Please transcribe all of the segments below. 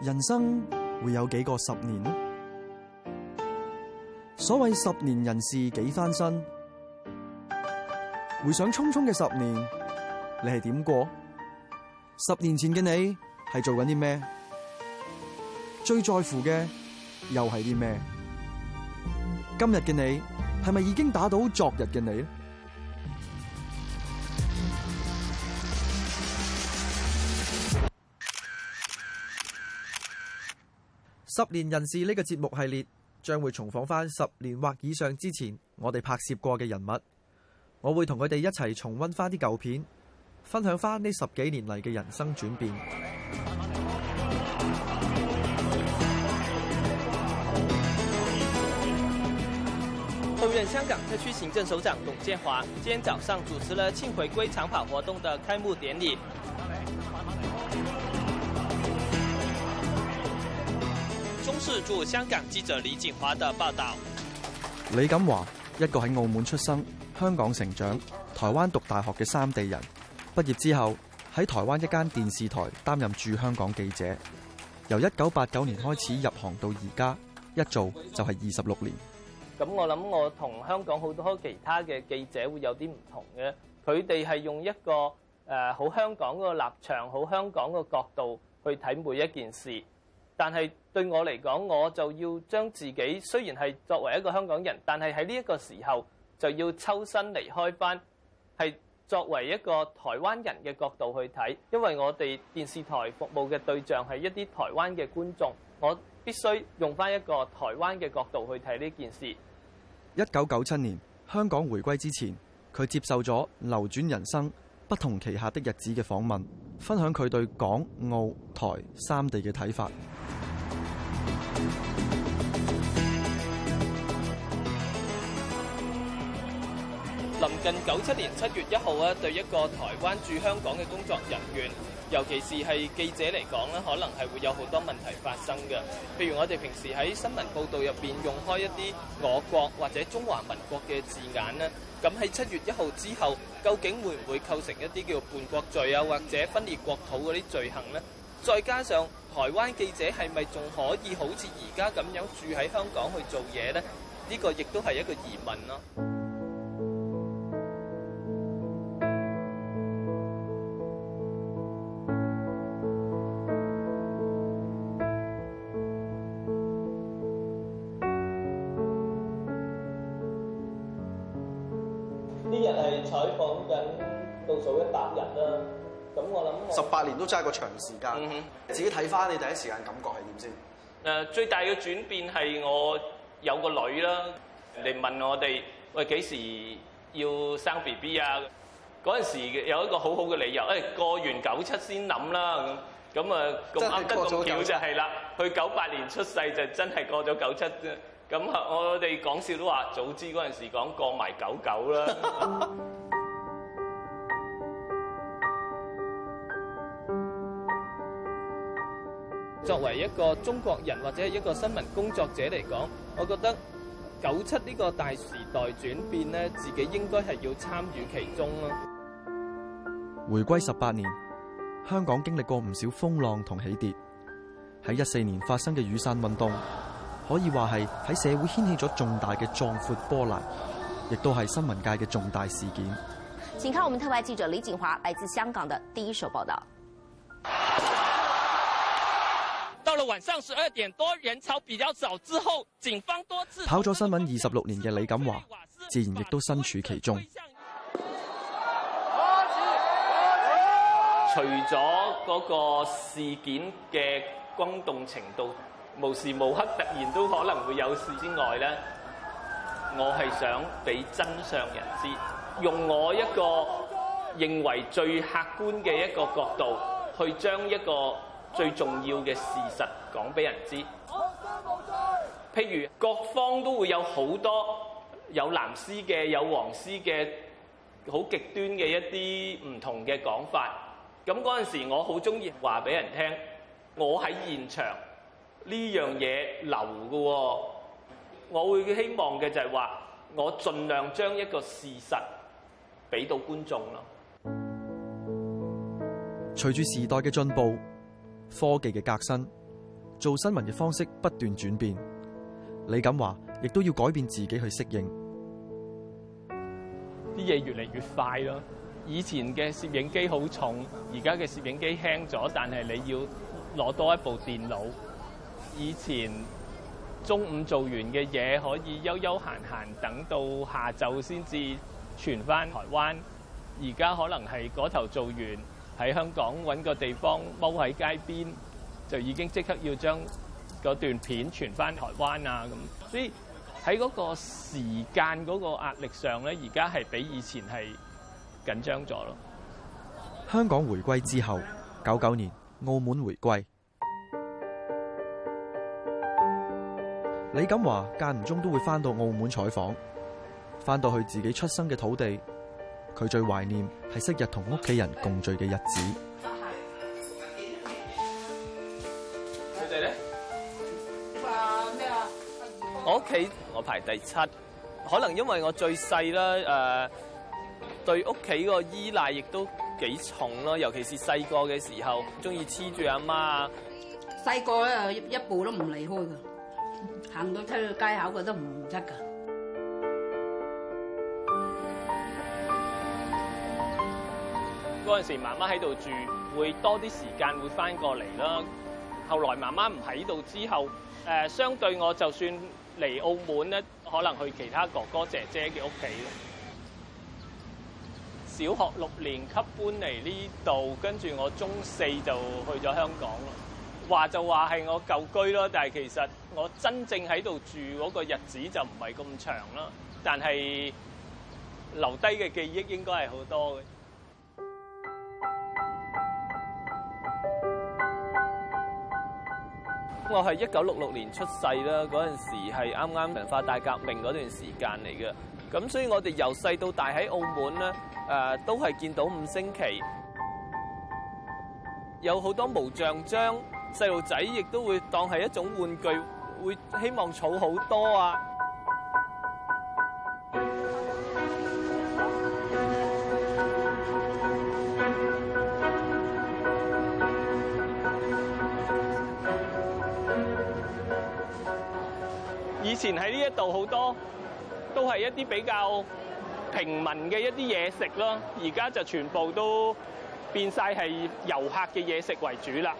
人生會有幾個十年？所謂十年人事幾番新。回想匆匆嘅十年，你係點過？十年前嘅你係做緊啲咩？最在乎嘅又係啲咩？今日嘅你係咪已經打倒昨日嘅你？十年人事呢個節目系列，將會重訪翻十年或以上之前我哋拍攝過嘅人物。我會同佢哋一齊重溫翻啲舊片，分享翻呢十幾年嚟嘅人生轉變。候任香港特區行政首長董建華，今天早上主持了慶回歸長跑活動的開幕典禮。是駐香港記者李錦華的報道。李錦華，一個喺澳門出生、香港成長、台灣讀大學嘅三地人，畢業之後喺台灣一間電視台擔任駐香港記者，由一九八九年開始入行到而家，一做就係二十六年。咁我諗我同香港好多其他嘅記者會有啲唔同嘅，佢哋係用一個誒好香港嘅立場、好香港嘅角度去睇每一件事。但係對我嚟講，我就要將自己雖然係作為一個香港人，但係喺呢一個時候就要抽身離開返，係作為一個台灣人嘅角度去睇，因為我哋電視台服務嘅對象係一啲台灣嘅觀眾，我必須用返一個台灣嘅角度去睇呢件事。一九九七年香港回歸之前，佢接受咗《流轉人生》不同旗下的日子嘅訪問，分享佢對港澳台三地嘅睇法。臨近九七年七月一號咧，對一個台灣駐香港嘅工作人員，尤其是係記者嚟講咧，可能係會有好多問題發生嘅。譬如我哋平時喺新聞報道入邊用開一啲我國或者中華民國嘅字眼咧，咁喺七月一號之後，究竟會唔會構成一啲叫叛國罪啊，或者分裂國土嗰啲罪行呢？再加上台灣記者係咪仲可以好似而家咁樣住喺香港去做嘢呢？呢個亦都係一個疑問咯。呢日係採訪緊倒數一百日啦。十八年都真係個長時間，自己睇翻你第一時間感覺係點先？誒，最大嘅轉變係我有個女啦，嚟問我哋，喂，幾時要生 B B 啊？嗰陣時有一個好好嘅理由，誒，過完九七先諗啦，咁，咁啊咁啱得咁巧就係啦，佢九八年出世就真係過咗九七啫，咁我哋講笑都話早知嗰陣時講過埋九九啦。作為一個中國人或者一個新聞工作者嚟講，我覺得九七呢個大時代轉變呢，自己應該係要參與其中咯。回歸十八年，香港經歷過唔少風浪同起跌。喺一四年發生嘅雨傘運動，可以話係喺社會掀起咗重大嘅壯闊波瀾，亦都係新聞界嘅重大事件。請看我們特派記者李錦華來自香港的第一手報道。到晚上十二點多，人潮比較少之後，警方多次。跑咗新聞二十六年嘅李錦華，自然亦都身處其中。除咗嗰個事件嘅轟動程度，無時無刻突然都可能會有事之外咧，我係想俾真相人知，用我一個認為最客觀嘅一個角度去將一個。最重要嘅事實講俾人知。我心譬如各方都會有好多有藍絲嘅、有黃絲嘅，好極端嘅一啲唔同嘅講法。咁嗰陣時我很喜歡，我好中意話俾人聽，我喺現場呢樣嘢流嘅。我會希望嘅就係話，我盡量將一個事實俾到觀眾咯。隨住時代嘅進步。科技嘅革新，做新聞嘅方式不斷轉變，李錦華，亦都要改變自己去適應。啲嘢越嚟越快咯。以前嘅攝影機好重，而家嘅攝影機輕咗，但係你要攞多一部電腦。以前中午做完嘅嘢可以悠悠閒閒等到下晝先至傳翻台灣，而家可能係嗰頭做完。喺香港揾個地方踎喺街邊，就已經即刻要將嗰段片傳翻台灣啊！咁，所以喺嗰個時間嗰個壓力上咧，而家係比以前係緊張咗咯。香港回歸之後，九九年澳門回歸，李錦華間唔中都會翻到澳門採訪，翻到去自己出生嘅土地，佢最懷念。係昔日同屋企人共聚嘅日子。你哋咧？我咩啊？我屋企我排第七，可能因為我最細啦。誒、呃，對屋企個依賴亦都幾重咯，尤其是細個嘅時候，中意黐住阿媽啊。細個咧，一步都唔離開噶，行到出街口嘅都唔得噶。嗰陣時，媽媽喺度住，會多啲時間會翻過嚟啦。後來媽媽唔喺度之後，誒，相對我就算嚟澳門咧，可能去其他哥哥姐姐嘅屋企咯。小學六年級搬嚟呢度，跟住我中四就去咗香港咯。話就話係我舊居咯，但係其實我真正喺度住嗰個日子就唔係咁長啦。但係留低嘅記憶應該係好多嘅。我係一九六六年出世啦，嗰陣時係啱啱文化大革命嗰段時間嚟嘅，咁所以我哋由細到大喺澳門咧，誒、呃、都係見到五星旗，有好多毛像章，細路仔亦都會當係一種玩具，會希望儲好多啊。前喺呢一度好多都係一啲比較平民嘅一啲嘢食咯，而家就全部都變晒係遊客嘅嘢食為主啦。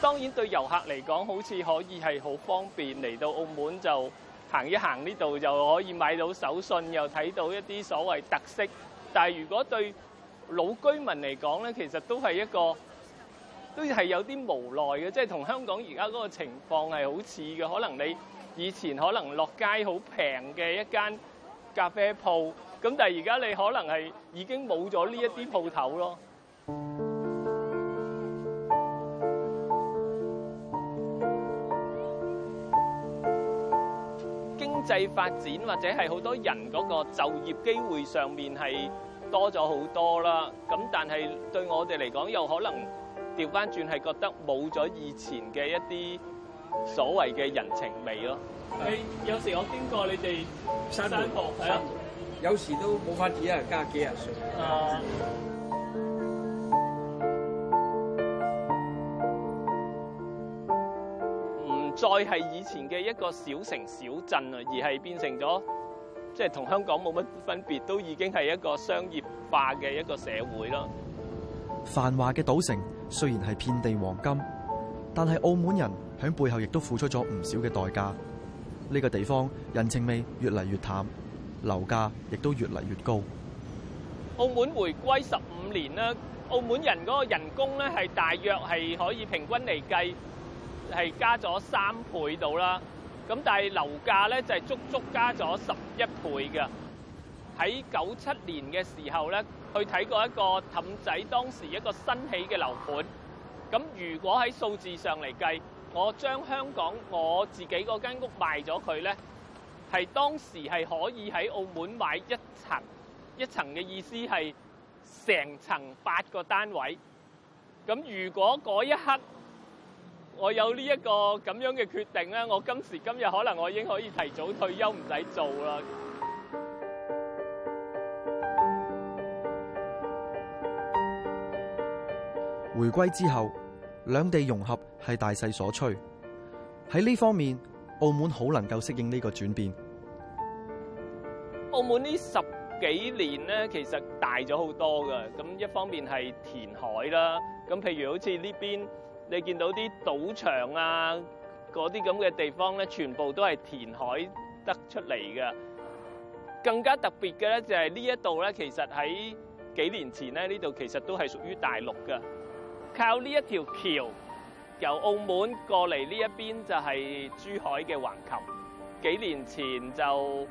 當然對遊客嚟講，好似可以係好方便嚟到澳門就行一行呢度就可以買到手信，又睇到一啲所謂特色。但係如果對老居民嚟講咧，其實都係一個。都係有啲無奈嘅，即係同香港而家嗰個情況係好似嘅。可能你以前可能落街好平嘅一間咖啡鋪，咁但係而家你可能係已經冇咗呢一啲鋪頭咯。經濟發展或者係好多人嗰個就業機會上面係多咗好多啦。咁但係對我哋嚟講又可能。調翻轉係覺得冇咗以前嘅一啲所謂嘅人情味咯。係有時我經過你哋沙灘，有時都冇法子一人加幾日。唔再係以前嘅一個小城小鎮啊，而係變成咗即係同香港冇乜分別，都已經係一個商業化嘅一個社會咯。繁華嘅賭城雖然係遍地黃金，但係澳門人響背後亦都付出咗唔少嘅代價。呢個地方人情味越嚟越淡，樓價亦都越嚟越高。澳門回歸十五年啦，澳門人嗰個人工咧係大約係可以平均嚟計係加咗三倍到啦。咁但係樓價咧就係足足加咗十一倍㗎。喺九七年嘅時候咧。去睇過一個氹仔當時一個新起嘅樓盤，咁如果喺數字上嚟計，我將香港我自己嗰間屋賣咗佢咧，係當時係可以喺澳門買一層一層嘅意思係成層八個單位，咁如果嗰一刻我有呢一個咁樣嘅決定咧，我今時今日可能我已經可以提早退休唔使做啦。回歸之後，兩地融合係大勢所趨。喺呢方面，澳門好能夠適應呢個轉變。澳門呢十幾年呢，其實大咗好多噶。咁一方面係填海啦，咁譬如好似呢邊你見到啲賭場啊，嗰啲咁嘅地方呢，全部都係填海得出嚟噶。更加特別嘅呢，就係呢一度呢，其實喺幾年前呢，呢度其實都係屬於大陸噶。靠呢一條橋由澳門過嚟呢一邊就係珠海嘅橫琴。幾年前就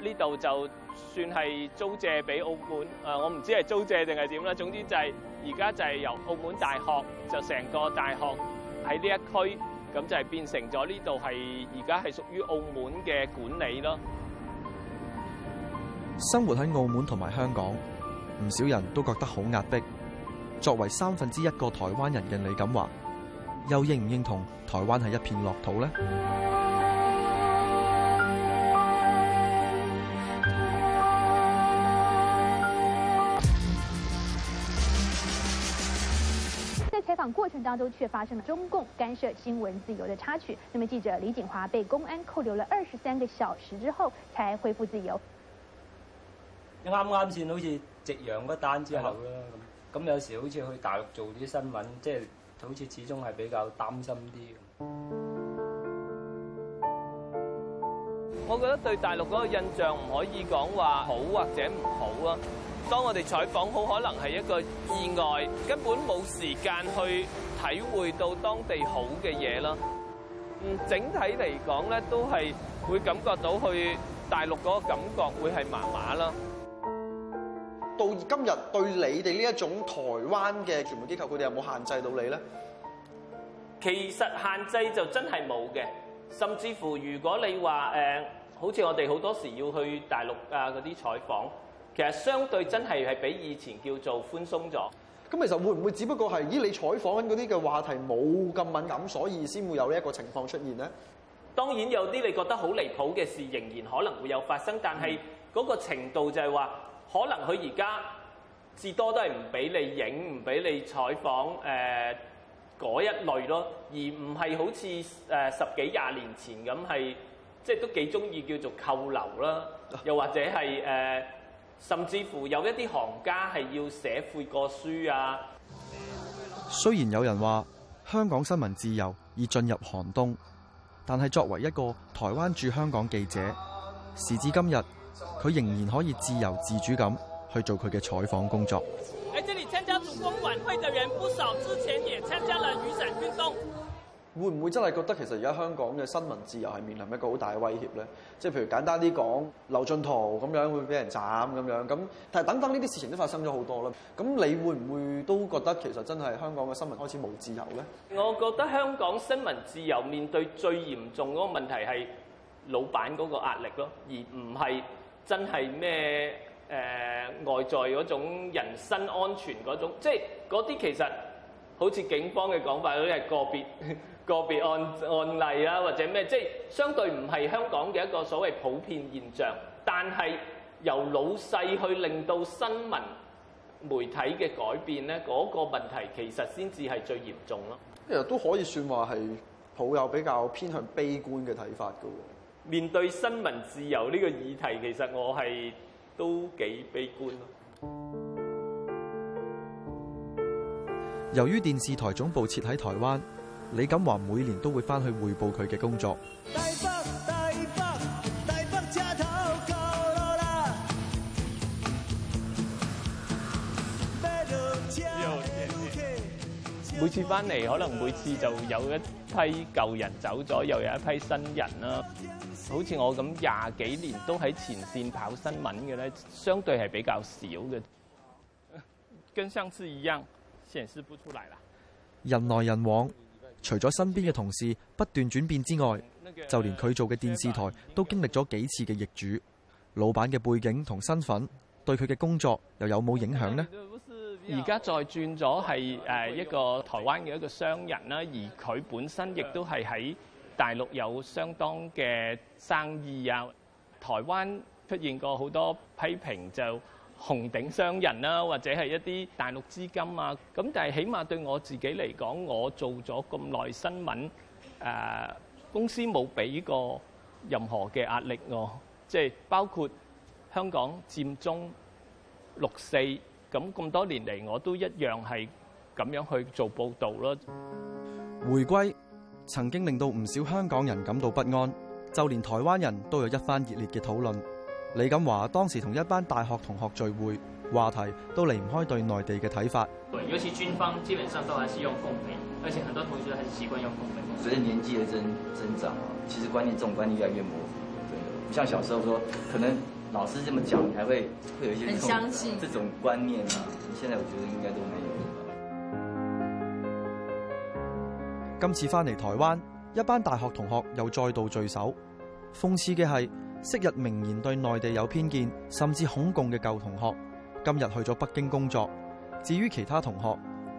呢度就算係租借俾澳門，誒、呃，我唔知係租借定係點啦。總之就係而家就係由澳門大學就成個大學喺呢一區，咁就係變成咗呢度係而家係屬於澳門嘅管理咯。生活喺澳門同埋香港，唔少人都覺得好壓迫。作為三分之一個台灣人嘅李錦華，又認唔認同台灣係一片樂土呢？在採訪過程當中，卻發生了中共干涉新聞自由嘅插曲。那麼記者李錦華被公安扣留了二十三個小時之後，才恢復自由。啱啱先好似夕陽不單之後啦。咁有時好似去大陸做啲新聞，即係好似始終係比較擔心啲。我覺得對大陸嗰個印象唔可以講話好或者唔好囉。當我哋採訪，好可能係一個意外，根本冇時間去體會到當地好嘅嘢啦。嗯，整體嚟講咧，都係會感覺到去大陸嗰個感覺會係麻麻囉。到今日對你哋呢一種台灣嘅傳媒機構，佢哋有冇限制到你呢？其實限制就真係冇嘅，甚至乎如果你話誒、呃，好似我哋好多時要去大陸啊嗰啲採訪，其實相對真係係比以前叫做寬鬆咗。咁其實會唔會只不過係，咦？你採訪緊嗰啲嘅話題冇咁敏感，所以先會有呢一個情況出現呢？當然有啲你覺得好離譜嘅事，仍然可能會有發生，但係嗰個程度就係話。可能佢而家至多都係唔俾你影，唔俾你採訪，誒、呃、嗰一類咯，而唔係好似誒十幾廿年前咁係，即係都幾中意叫做扣留啦，又或者係誒、呃，甚至乎有一啲行家係要寫悔過書啊。雖然有人話香港新聞自由已進入寒冬，但係作為一個台灣駐香港記者，時至今日。佢仍然可以自由自主咁去做佢嘅採訪工作。喺這裏參加燭光晚會嘅人不少，之前也參加了雨傘運動。會唔會真係覺得其實而家香港嘅新聞自由係面臨一個好大嘅威脅咧？即係譬如簡單啲講，劉進圖咁樣會俾人斬咁樣咁，但係等等呢啲事情都發生咗好多啦。咁你會唔會都覺得其實真係香港嘅新聞開始冇自由咧？我覺得香港新聞自由面對最嚴重嗰個問題係老闆嗰個壓力咯，而唔係。真係咩？誒、呃、外在嗰種人身安全嗰種，即係嗰啲其實好似警方嘅講法，都係個別個別案案例啦，啊，或者咩？即係相對唔係香港嘅一個所謂普遍現象。但係由老細去令到新聞媒體嘅改變咧，嗰、嗰個問題其實先至係最嚴重咯。其實都可以算話係抱有比較偏向悲觀嘅睇法嘅喎。面對新聞自由呢個議題，其實我係都幾悲觀咯。由於電視台總部設喺台灣，李錦華每年都會返去匯報佢嘅工作。每次翻嚟，可能每次就有一批舊人走咗，又有一批新人啦。好似我咁廿幾年都喺前線跑新聞嘅咧，相對係比較少嘅。跟上次一樣，顯示不出來啦。人來人往，除咗身邊嘅同事不斷轉變之外，就連佢做嘅電視台都經歷咗幾次嘅易主。老闆嘅背景同身份對佢嘅工作又有冇影響呢？而家再轉咗係誒一個台灣嘅一個商人啦，而佢本身亦都係喺大陸有相當嘅生意啊。台灣出現過好多批評，就紅頂商人啦，或者係一啲大陸資金啊。咁但係起碼對我自己嚟講，我做咗咁耐新聞，誒公司冇俾過任何嘅壓力我，即係包括香港佔中六四。咁咁多年嚟，我都一樣係咁樣去做報導咯。回歸曾經令到唔少香港人感到不安，就連台灣人都有一番熱烈嘅討論。李錦華當時同一班大學同學聚會，話題都離唔開對內地嘅睇法。對，尤其軍方基本上都是用奉粉，而且很多同學都是習慣用奉粉。隨著年紀而增長長，其實觀念總觀念越來越模糊。對，像小時候，說可能。老師這麼講，你還會會有一些這種，很相信這種觀念，現在我覺得應該都沒有。今次翻嚟台灣，一班大學同學又再度聚首。諷刺嘅係，昔日明言對內地有偏見，甚至恐共嘅舊同學，今日去咗北京工作。至於其他同學，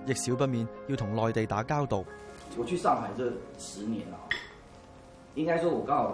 亦少不免要同內地打交道。我去上海這十年啦，應該說我夠。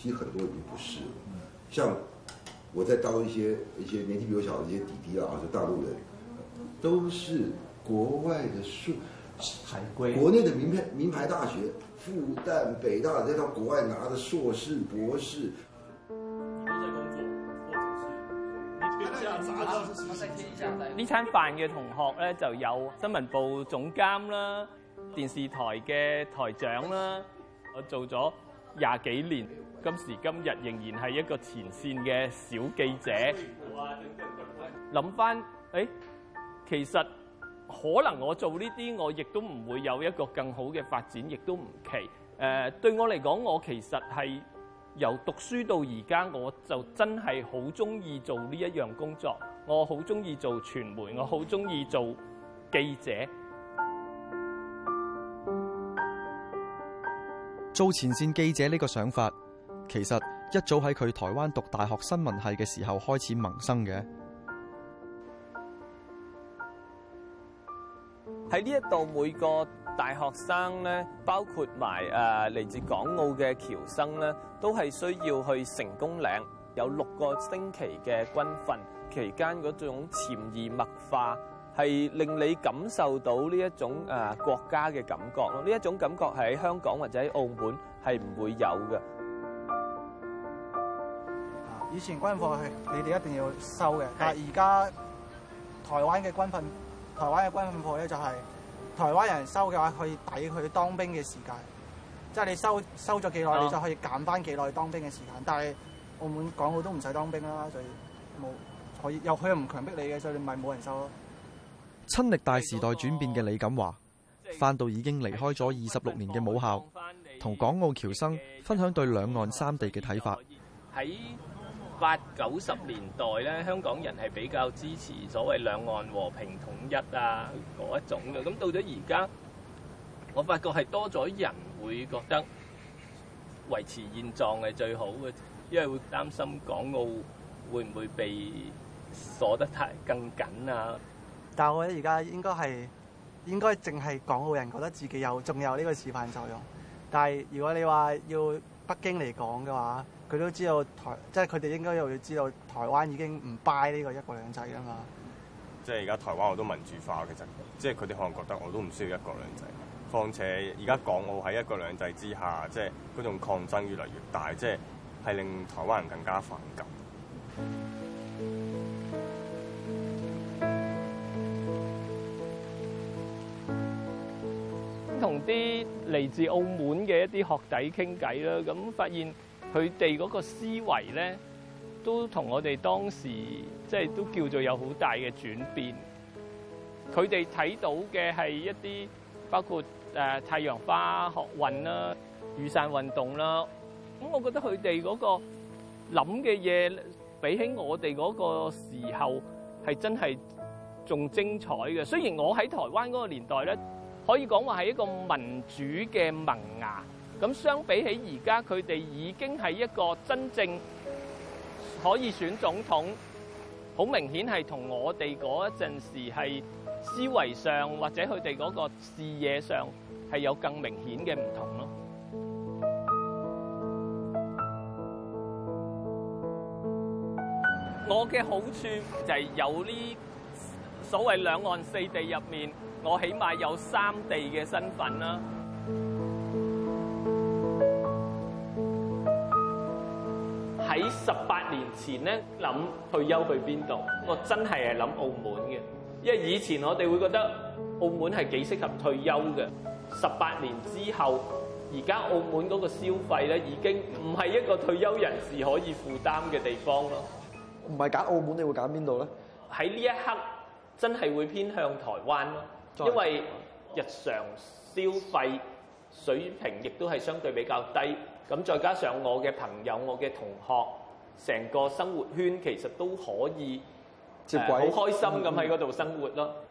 其實很多已經不是，像我在當一些一些年紀比我小的一些弟弟啊，或者大陸人，都是國外的碩海歸，國內的名片名牌大學，復旦、北大，再到國外拿的碩士、博士。都在工作，或者是你別講雜咗，就係天價。呢餐飯嘅同學呢，就有新聞部總監啦，電視台嘅台長啦，我做咗廿幾年，今時今日仍然係一個前線嘅小記者。諗返，誒、欸，其實可能我做呢啲，我亦都唔會有一個更好嘅發展，亦都唔奇。誒、呃，對我嚟講，我其實係由讀書到而家，我就真係好中意做呢一樣工作。我好中意做傳媒，我好中意做記者。做前線記者呢個想法，其實一早喺佢台灣讀大學新聞系嘅時候開始萌生嘅。喺呢一度，每個大學生咧，包括埋誒嚟自港澳嘅僑生咧，都係需要去成功嶺有六個星期嘅軍訓，期間嗰種潛移默化，係令你感受到呢一種誒國家嘅感覺咯。呢一種感覺係喺香港或者喺澳門係唔會有嘅。以前軍訓課係你哋一定要收嘅，但係而家台灣嘅軍訓，台灣嘅軍訓課咧就係台灣人收嘅話，可以抵佢當兵嘅時間。即係你收收咗幾耐，你就可以減翻幾耐當兵嘅時間。但係澳門、港澳都唔使當兵啦，所以冇可以又佢又唔強迫你嘅，所以你咪冇人收咯。親歷大時代轉變嘅李錦華返到已經離開咗二十六年嘅母校，同港澳僑生分享對兩岸三地嘅睇法。喺八九十年代咧，香港人係比較支持所謂兩岸和平統一啊嗰一種嘅。咁到咗而家，我發覺係多咗人會覺得維持現狀係最好嘅，因為會擔心港澳會唔會被鎖得太更緊啊。但係我覺得而家應該係應該淨係港澳人覺得自己有仲有呢個示範作用。但係如果你話要北京嚟講嘅話，佢都知道台即係佢哋應該又要知道台灣已經唔 buy 呢個一國兩制啊嘛。即係而家台灣好多民主化，其實即係佢哋可能覺得我都唔需要一國兩制。況且而家港澳喺一國兩制之下，即係嗰種抗爭越嚟越大，即係係令台灣人更加反感。啲嚟自澳門嘅一啲學弟傾偈啦，咁發現佢哋嗰個思維咧，都同我哋當時即係都叫做有好大嘅轉變。佢哋睇到嘅係一啲包括誒、呃、太陽花學運啦、雨傘運動啦，咁我覺得佢哋嗰個諗嘅嘢，比起我哋嗰個時候係真係仲精彩嘅。雖然我喺台灣嗰個年代咧，可以講話係一個民主嘅萌芽，咁相比起而家，佢哋已經係一個真正可以選總統，好明顯係同我哋嗰陣時係思維上或者佢哋嗰個視野上係有更明顯嘅唔同咯。我嘅好處就係有呢、這個。所謂兩岸四地入面，我起碼有三地嘅身份啦。喺十八年前咧，諗退休去邊度？我真係係諗澳門嘅，因為以前我哋會覺得澳門係幾適合退休嘅。十八年之後，而家澳門嗰個消費咧已經唔係一個退休人士可以負擔嘅地方咯。唔係揀澳門，你會揀邊度咧？喺呢一刻。真係會偏向台灣咯，因為日常消費水平亦都係相對比較低，咁再加上我嘅朋友、我嘅同學，成個生活圈其實都可以接軌，呃、好開心咁喺嗰度生活咯。嗯